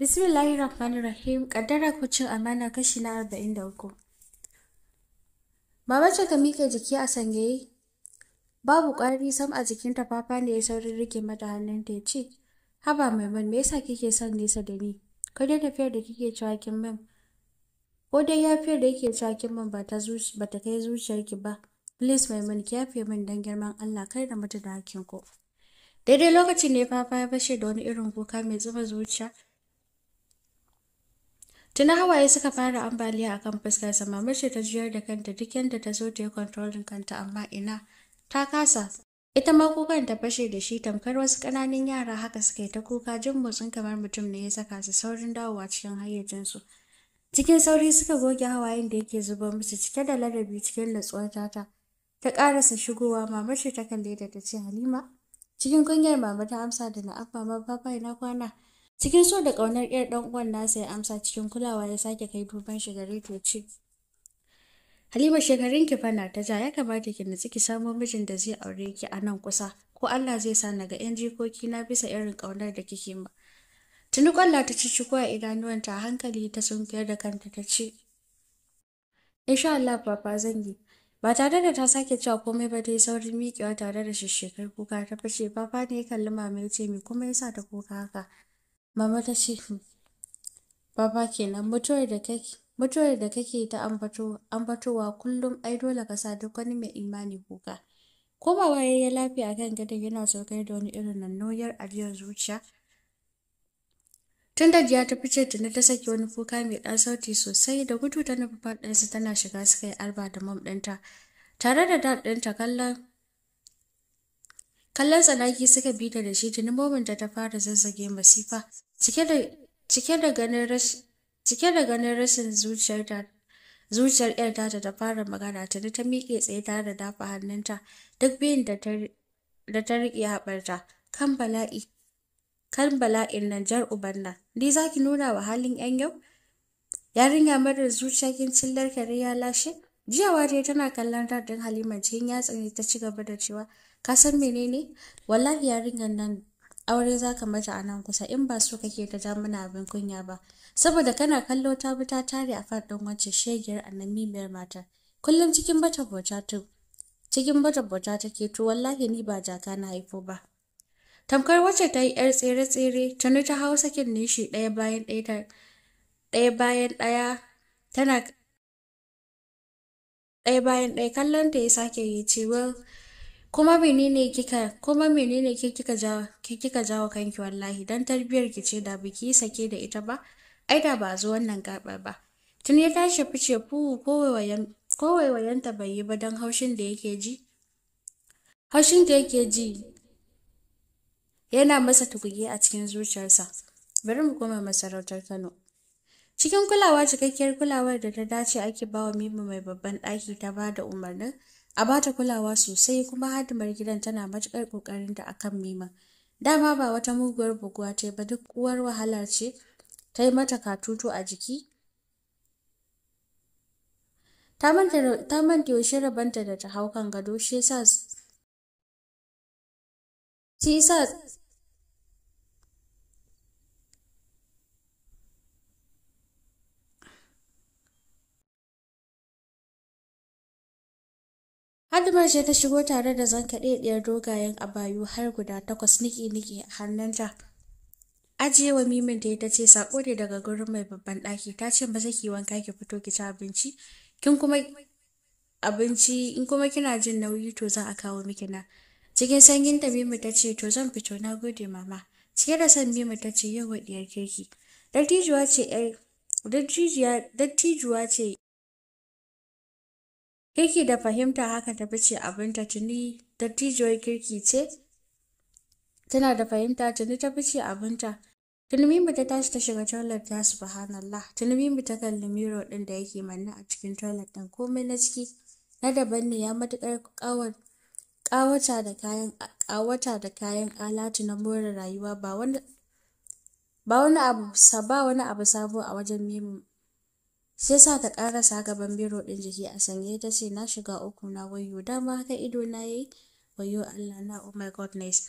Bismillahir Rahmanir Rahim kaddara ku cin amana kashi na 43 uku. ce ka miƙe jiki a sangaye babu ƙwari sam a jikinta fafa ne ya saurin rike mata hannun ya ce haba mai man me yasa kike son nesa da ni ka dai tafiyar da kike cakin man ko dai yafiyar da yake cakin man min ba ta zuci ba ta kai zuciyarki ba please mai man ki yafe min dan girman Allah kai da mutu da hakinku. ku daidai lokacin ne fafa ya fashe da wani irin kuka mai zuba zuciya Tuna hawaye suka fara ambaliya a kan fuskarsa, mamar ce ta juyar da kanta duk yadda ta zo ta yi kontrolin kanta amma ina ta kasa. Ita ma kukan ta fashe da shi tamkar wasu ƙananan yara haka suka yi ta kuka jin motsin kamar mutum ne ya saka su saurin dawowa cikin hayyacinsu. Cikin sauri suka goge hawayen da yake zuba musu cike da ladabi cikin natsuwar tata. Ta karasa shigowa mamar ce ta kalle da ta ce Halima. Cikin kungiyar mama ta amsa da na'am mama babai na kwana. cikin so da kaunar 'yar dan uwan nasa ya amsa cikin kulawa ya sake kai duban shi gare ta ce Halima shekarun ki fana ta ja ya kamata ki nutsi ki samo mijin da zai aure ki a nan kusa ko Allah zai sa naga yan jikoki na bisa irin kaunar da kike ma tuni kwalla ta ci a idanuwanta a hankali ta sunkiyar da kanta ta ce insha Allah papa zan yi ba tare da ta sake cewa komai ba ta yi saurin miƙewa tare da shishshekar kuka ta fashe papa ne ya kalli mamaye ce me kuma yasa ta kuka haka Mama ta ce, Baba kenan mutuwar da kake mutuwar da kake ta ambatowa kullum ai dole ka sa duk wani mai imani kuka. Ko ba waye ya lafiya akan gadon yana saukar da wani irin nannoyar ajiyar zuciya. Tun da jiya ta fice tuni ta saki wani kuka mai ɗan sauti sosai da gudu ta nufi faɗinsa tana shiga suka yi arba da mom ɗinta. Tare da dad ɗinta kallon kallon tsanaki suka bi da shi tuni momin da ta fara zazzage masifa cike da ganin rashin zuciyar ta zuciyar yar ta ta fara magana tuni ta miƙe tsaye tare da dafa hannunta duk biyun da ta riƙe haɓarta kan bala'i bala'in nan jar nan. ni za ki nuna wa halin yan yau yarinya marar zuciya kin cillar kare ya lashe jiya wari tana kallon radin halima cikin yatsa ne ta ci gaba da cewa ka san menene wallahi yarinyar nan aure za ka mata a nan kusa in ba so kake ta ja mana abin kunya ba saboda kana kallo ta bi ta tare a faɗin wacce shegiyar annamimiyar mata kullum cikin bata bota ta cikin bata bota take to wallahi ni ba jaka na haifo ba tamkar wacce ta yi yar tsere-tsere tuni ta hau sakin nishi ɗaya bayan ɗaya ɗaya bayan ɗaya tana ɗaya bayan ɗaya kallon ta ya sake yi ce kuma menene kika kuma menene ke kika jawo kanki wallahi dan tarbiyar ki ce da biki sake da ita ba ai da ba zo wannan gabar ba tun ya tashi fice fu ko waiwayanta bai yi ba don haushin da yake ji haushin da yake ji yana masa tukuge a cikin zuciyarsa bari mu koma masarautar kano Cikin kulawa cikakkiyar kulawar da ta dace ake bawa Mima mai babban ɗaki ta ba da umarnin a ba ta kulawa sosai kuma hadimar gidan tana matuƙar ƙoƙarin da akan Mima. Dama ba wata muguwar buguwa ce ba duk uwar wahala ce ta yi mata katutu a jiki. Ta manta yaushe rabanta da ta hau kan gado shi yasa Hadimar ce ta shigo tare da zankaɗe dogayen abayu har guda takwas niki-niki a hannunta. Ajiyewa mimin yi ta ce sako ne daga gurin mai babban ɗaki ta ce maza ke wanka ki fito ki ci abinci kin kuma abinci in kuma kina jin nauyi to za a kawo miki na. Cikin sanyin ta mimu ta ce to zan fito na gode mama. Cike da san mimin ta ce yau diyar kirki. Dattijuwa ce yar eh, dattijuwa ce Kirki da fahimta haka ta fice abinta tuni dattijuwar kirki ce, tana da fahimta tuni ta fice abinta. Tulmimu ta tashi ta shiga toilet ta subhanallah. Tulmimu ta kalli miro din da yake manna a cikin toilet ɗin komai na ciki na daban ne ya matukar kawar kawata da kayan alatu na more rayuwa ba wani abu ba wani abu sabo a wajen mimu sai sa ta karasa gaban biro ɗin jiki a sanye ta ce na shiga uku na wayo dama haka ido na yi wayo Allah na oh my goodness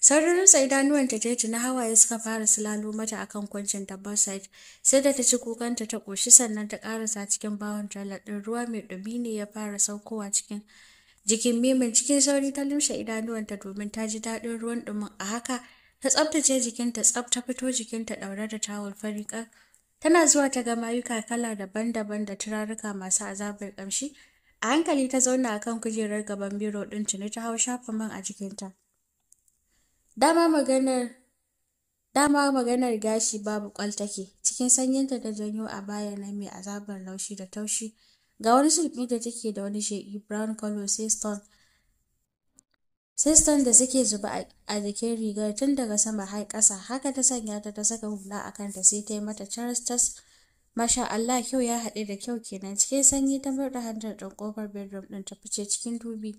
sararin nuwan ta jeji na hawaye suka fara silalo mata akan kwancin tabbar side sai da ta ci kukan ta koshi sannan ta karasa cikin bawon trailer ɗin ruwa mai ɗumi ne ya fara saukowa cikin jikin mimin cikin sauri ta lumshe idanuwanta domin ta ji daɗin ruwan ɗumin a haka ta tsabtace jikinta tsab ta fito jikinta ɗaure da tawul fari Tana zuwa ta ga mayuka kala daban-daban da turaruka masu azabar kamshi A hankali ta zauna a kan kujerar gaban biro ɗin tuni ta hau shafa man a jikinta. Dama maganar Dama maganar gashi babu kwal take, cikin sanyinta ta janyo a baya na mai azabar laushi da taushi. Ga wani sulfi da take da wani sheƙi brown color sai stone sistan da suke zuba a jikin rigar tun daga sama har ƙasa haka ta sanya ta ta saka hula a kanta sai ta yi mata charles tas masha Allah kyau ya haɗe da kyau kenan cikin sanyi ta murɗa hantar ɗin ƙofar bedroom ɗin ta fice cikin dubi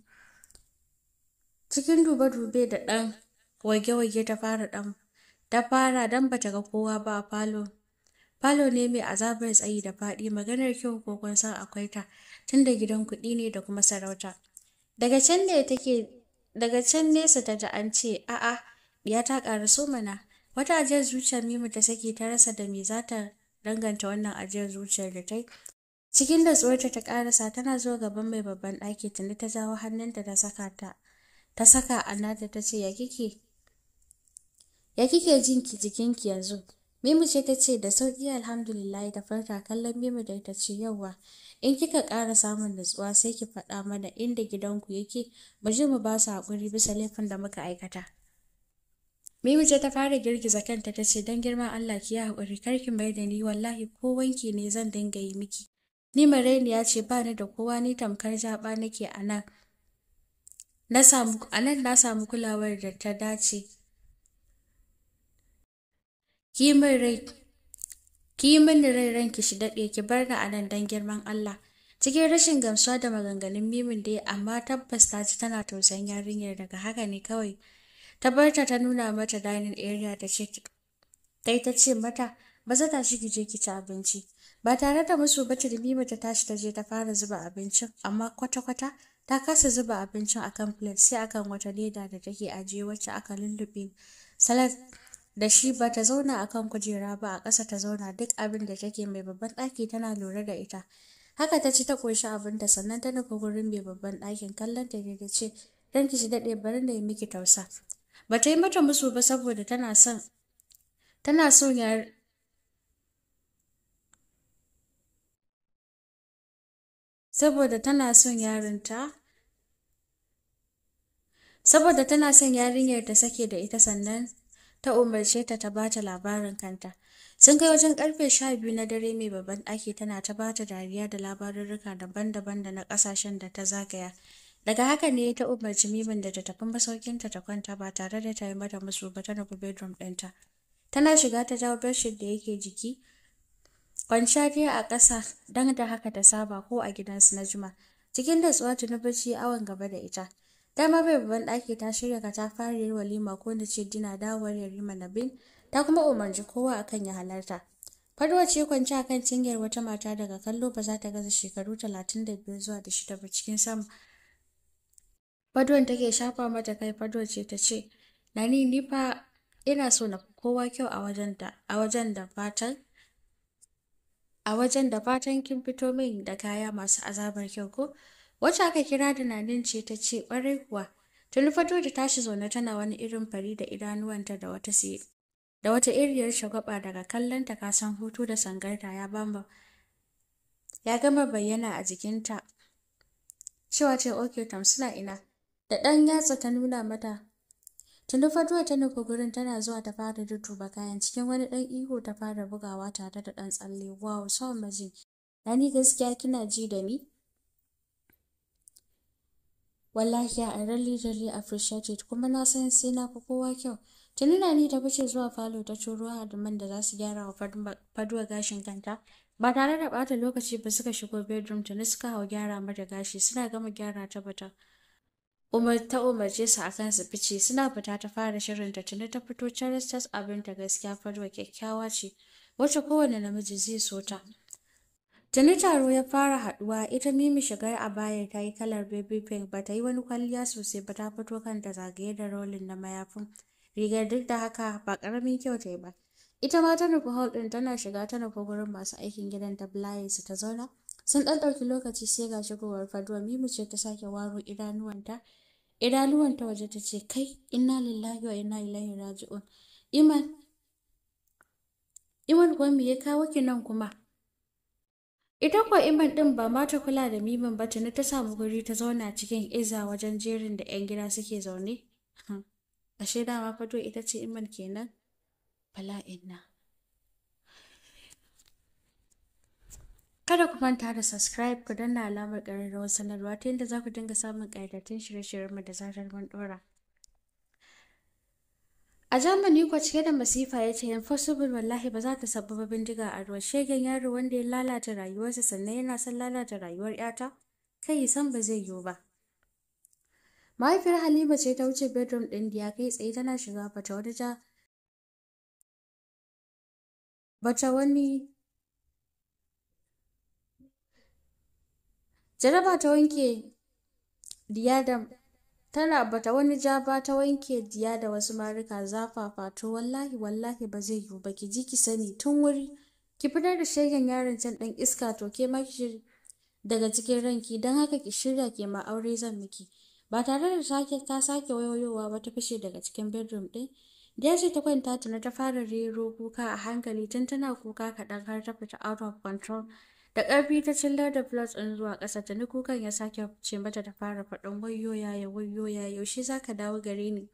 cikin dube-dube da ɗan wage-wage ta fara ɗan ta fara don bata ga kowa ba a falo falo ne mai azabar tsayi da faɗi maganar kyau ko kun san akwai ta tun da gidan kuɗi ne da kuma sarauta daga can ne take daga can nesa ta ji an ce a'a ya ta ƙara so mana wata ajiyar zuciyar mimu ta sake ta rasa da me za ta danganta wannan ajiyar zuciyar da ta cikin da tsohonta ta karasa tana zuwa gaban mai babban ɗaki tuni ta jawo hannunta ta saka ta ta saka nata ta ce ya kike jin kike jinki jikinki yanzu Mimu ce ta ce da sauƙi alhamdulillah ta farka kallon Mimu da ta ce yauwa in kika ƙara samun nutsuwa sai ki faɗa mana inda gidanku yake mu je mu ba su haƙuri bisa laifin da muka aikata. Mimu ce ta fara girgiza kanta ta ce don girman Allah ki yi haƙuri kar ki mai da ni wallahi ko wanki ne zan dinga yi miki. Ni Mareniya ce ba ni da kowa ni tamkar jaɓa nake a a nan na samu kulawar da ta dace. ki min rai ranki shi daɗe ki bar ni a nan don girman Allah cikin rashin gamsuwa da maganganun mimin da amma tabbas ta ji tana tausayin yarinyar daga haka ne kawai ta barta ta nuna mata dining area ta ce ta ta ce mata ba za ta shi ki ci abinci ba tare da musu ba mima ta tashi ta je ta fara zuba abincin amma kwata-kwata ta kasa zuba abincin akan plate sai akan wata leda da take ajiye wacce aka lullube salad da shi ba ta zauna a kan kujera ba a ƙasa ta zauna duk abin da take mai babban ɗaki tana lura da ita haka ta ci ta ƙunshi abinta sannan ta nufi gurin mai babban ɗakin kallon ta ne da ce don ki shi daɗe bari da yi miki tausa ba ta yi mata musu ba saboda tana son tana son ya saboda tana son yarinta saboda tana son yarinyar ta sake da ita sannan ta umarce ta ta bata labarin kanta. Sun kai wajen karfe sha biyu na dare mai babban ɗaki tana ta bata dariya da labarurruka daban-daban da na ƙasashen da ta zagaya. Daga haka ne ta umarci Mimin da ta tafi masaukinta ta kwanta ba tare da ta yi mata musu ba ta nufi bedroom ɗinta. Tana shiga ta jawo bedsheet da yake jiki, kwanciya dai a ƙasa don da haka ta saba ko a gidansu na juma. Cikin da tsuwa tuni bacci awon gaba da ita. dama bai babban ɗaki ta shirya yi walima ko na ce dina dawowar yarima nabil ta kuma umarci kowa akan ya halarta farwa ce kwanci akan cingiyar wata mata daga kallo ba za ta gaza shekaru talatin da biyar zuwa da shida ba cikin sama fadwan take shafa mata kai fadwa ce ta ce nani ni fa ina so na kowa kyau a wajen da a wajen da fatan a wajen da fatan kin fito min da kaya masu azabar kyau ko Wacce aka kira da Nadine ce ta ce ƙwarai kuwa, tuni fato da tashi zaune tana wani irin fari da idanuwanta da wata siye. Da wata iriyar shagwaba daga kallon ta kasan hutu da sangarta ya bamba ya gama bayyana a jikinta. Cewa ce oke suna ina, da ɗan yatsa ta nuna mata. Tuni faduwa ta nufi gurin tana zuwa ta fara ba kayan cikin wani ɗan ihu ta fara bugawa tare da ɗan tsalle. Wow, sawan majin. Na gaskiya kina ji da ni? wallahi a really really appreciate it kuma na san sai na fi kowa kyau tuni na ni da fice zuwa falo ta da man da za su gyara wa faduwa gashin kanta ba tare da bata lokaci ba suka shigo bedroom tuni suka hau gyara mata gashi suna gama gyara ta bata umar ta umarce su akan su fice suna fita ta fara shirin ta tuni ta fito charles abin ta gaskiya faduwa kyakkyawa ce wacce kowane namiji zai so ta Tuni taro ya fara haduwa ita Mimi shigar a baya ta yi kalar baby pink ba ta yi wani kwalliya sosai ba ta fito kanta zagaye da rolin na mayafin. Rigar duk da haka ba karamin kyau ta yi ba. Ita ma ta nufi hall din tana shiga ta nufi gurin masu aikin gidan ta su ta zauna. Sun dan dauki lokaci sai ga shigowar faduwa Mimi ce ta sake waro idanuwanta. Idanuwanta waje ta ce kai inna lillahi wa inna ilaihi raji'un. Iman Iman kuwa me ya kawo ki kuma? Ita kuwa Iman ɗin ba ma ta kula da Miman ba tuni ta samu guri ta zauna cikin iza wajen jerin da 'yan gida suke zaune. Ashe dama fado ita ce Iman kenan? Bala'in na. Kada ku manta da subscribe ku danna alamar ƙararrawar sanarwa ta yadda za ku dinga samun ƙayyadattun shirye-shiryenmu da zarar mun ɗora. a jamani kuwa cike da masifa ya ce yan impossible wallahi ba za ta sabu bindiga a ruwa shegen yaro wanda ya lalata rayuwarsa sannan yana son lalata rayuwar yata kai san ba zai yiwu ba mahaifiyar halima ce ta wuce bedroom ɗin ya kai tsaye tana shiga bata wani jaraba ta wanke diyadam tana bata wani ja ba ta wanke diya da wasu marika zafafa to wallahi wallahi ba zai yiwu ba ki ji ki sani tun wuri ki fitar da shegen yaron can ɗan iska to ke ma ki daga cikin ranki dan haka ki shirya ke ma aure zan miki ba tare da sake ta sake wayoyowa ba ta fishe daga cikin bedroom ɗin da ce ta kwanta tana ta fara rero kuka a hankali tun tana kuka kaɗan har ta fita out of control da ƙarfi ta cillar da plus ɗin zuwa ƙasa ta ni kukan ya sake ce mata ta fara faɗin wayyo yaya wayo yaya yaushe za ka dawo gare ni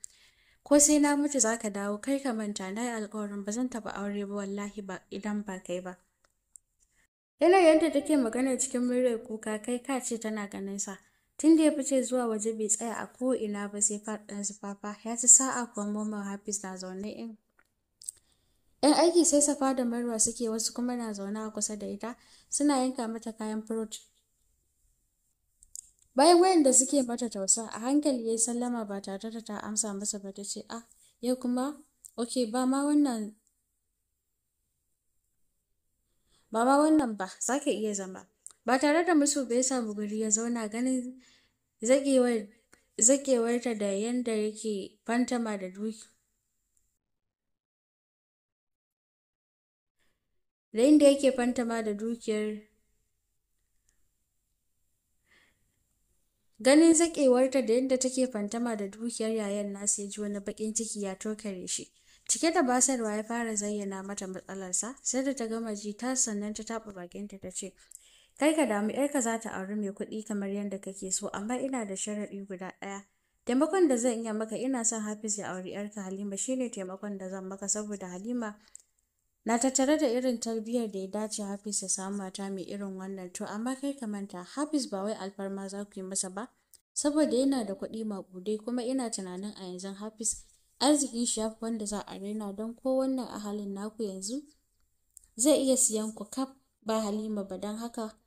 ko sai na mutu za ka dawo kai ka manta na yi alkawarin ba zan taɓa aure ba wallahi ba idan ba kai ba yanayin yadda take magana cikin murya kuka kai ka ce tana ganin sa tun da ya fice zuwa waje bai tsaya a ko ina ba sai faɗin zufafa ya ci sa'a kuma mamman hafiz na zaune in 'yan aiki sai safa da marwa suke wasu kuma na zaune a kusa da ita suna yanka mata kayan furut bayan wayan da suke mata tausa a hankali ya yi sallama ba tare da ta amsa masa ba ta ce ah yau kuma ok ba ma wannan ba za ka iya zama ba tare da musu bai samu guri ya zauna ganin zagewar zagewarta da yanda yake fantama da duki da inda yake fantama da dukiyar ganin zaƙewarta da yadda take fantama da dukiyar yayan nasu ya ji wani bakin ciki ya tokare shi cike da basarwa ya fara zayyana mata matsalarsa sai da ta gama ji ta sannan ta taba bakinta ta ce kai ka damu yarka za ta auri mai kuɗi kamar yadda kake so amma ina da sharaɗi guda ɗaya taimakon da zan iya maka ina son hafiz ya auri yarka halima shine taimakon da zan maka saboda halima na tattare da irin tarbiyyar da ya dace hafiz ya samu mata mai irin wannan to amma kai ka manta hafiz ba wai alfarma za ku yi masa ba saboda yana da kuɗi maƙudai kuma ina tunanin a yanzu hafiz arzikin shi yafi wanda za a raina don ko wannan a halin naku yanzu zai iya siyan ku kaf ba halima ba don haka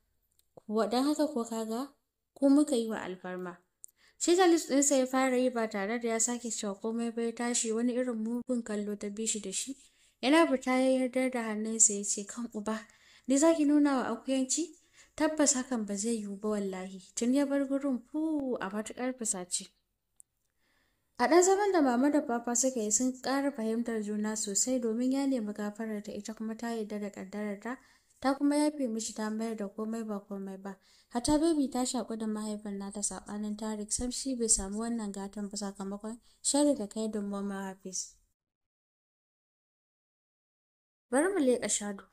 kuwa don haka ko kaga ko muka yi wa alfarma sai talis ɗinsa ya fara yi ba tare da ya sake cewa komai ba tashi wani irin mugun kallo ta bi shi da shi yana fita ya yarda da hannunsa ya ce kan uba ni za ki nuna wa akuyanci tabbas hakan ba zai yiwu ba wallahi tun ya bar gurin fu a matuƙar fusace a ɗan zaman da mama da papa suka yi sun ƙara fahimtar juna sosai domin ya nemi gafarar ta ita kuma ta yarda da ƙaddarar ta ta kuma yafe mishi ta mayar da komai ba komai ba hata baby ta shaku da mahaifin nata saɓanin tarik sam shi bai samu wannan gatan ba sakamakon shari da kai don mama hafiz bari mu leƙa shado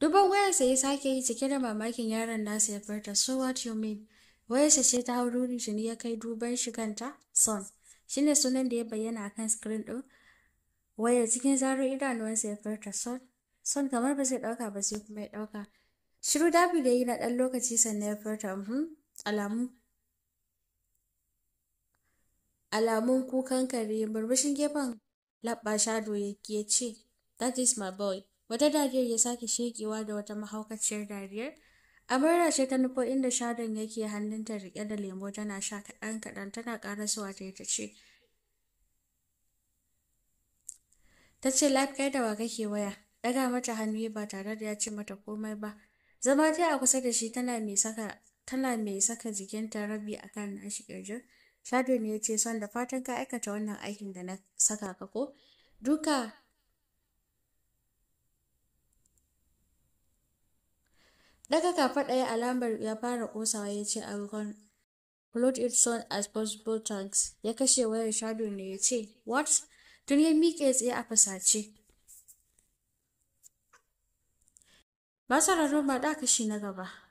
duban wayarsa ya sake yi cike da mamakin yaron nasa ya furta so what you mean wayarsa ce ta hau ruri jini ya kai duban shi kanta son shine sunan da ya bayyana a kan screen ɗin wayar cikin zarar idanuwansa ya furta son son kamar ba zai ɗauka ba sai kuma ya ɗauka shiru dafi da yi na ɗan lokaci sannan ya furta mm-hmm. alamu alamun kukan kare burbushin gefen labba shado ya ce That is my boy. Wata dariyar ya sake shekewa da wata mahaukaciyar dariyar. Amarya ce ta nufo inda shadon yake hannunta rike da lemo tana sha kaɗan kaɗan tana ƙarasowa ta yi ta ce. Ta ce kai da wa kake waya. Daga mata hannu ba tare da ya ce mata komai ba. Zama ta a kusa da shi tana mai saka tana mai saka jikinta rabi akan nashi ƙirjin. Shadon ya ce son da fatan ka aikata wannan aikin da na saka ka ko. Duka Daga kafa ɗaya alamar ya fara kosawa ya ce I will conclude it soon as possible thanks. Ya kashe wayar shadow ne ya ce what? Tun ya miƙe tsaye a fasace. masarar sauraron ba da kashi na gaba.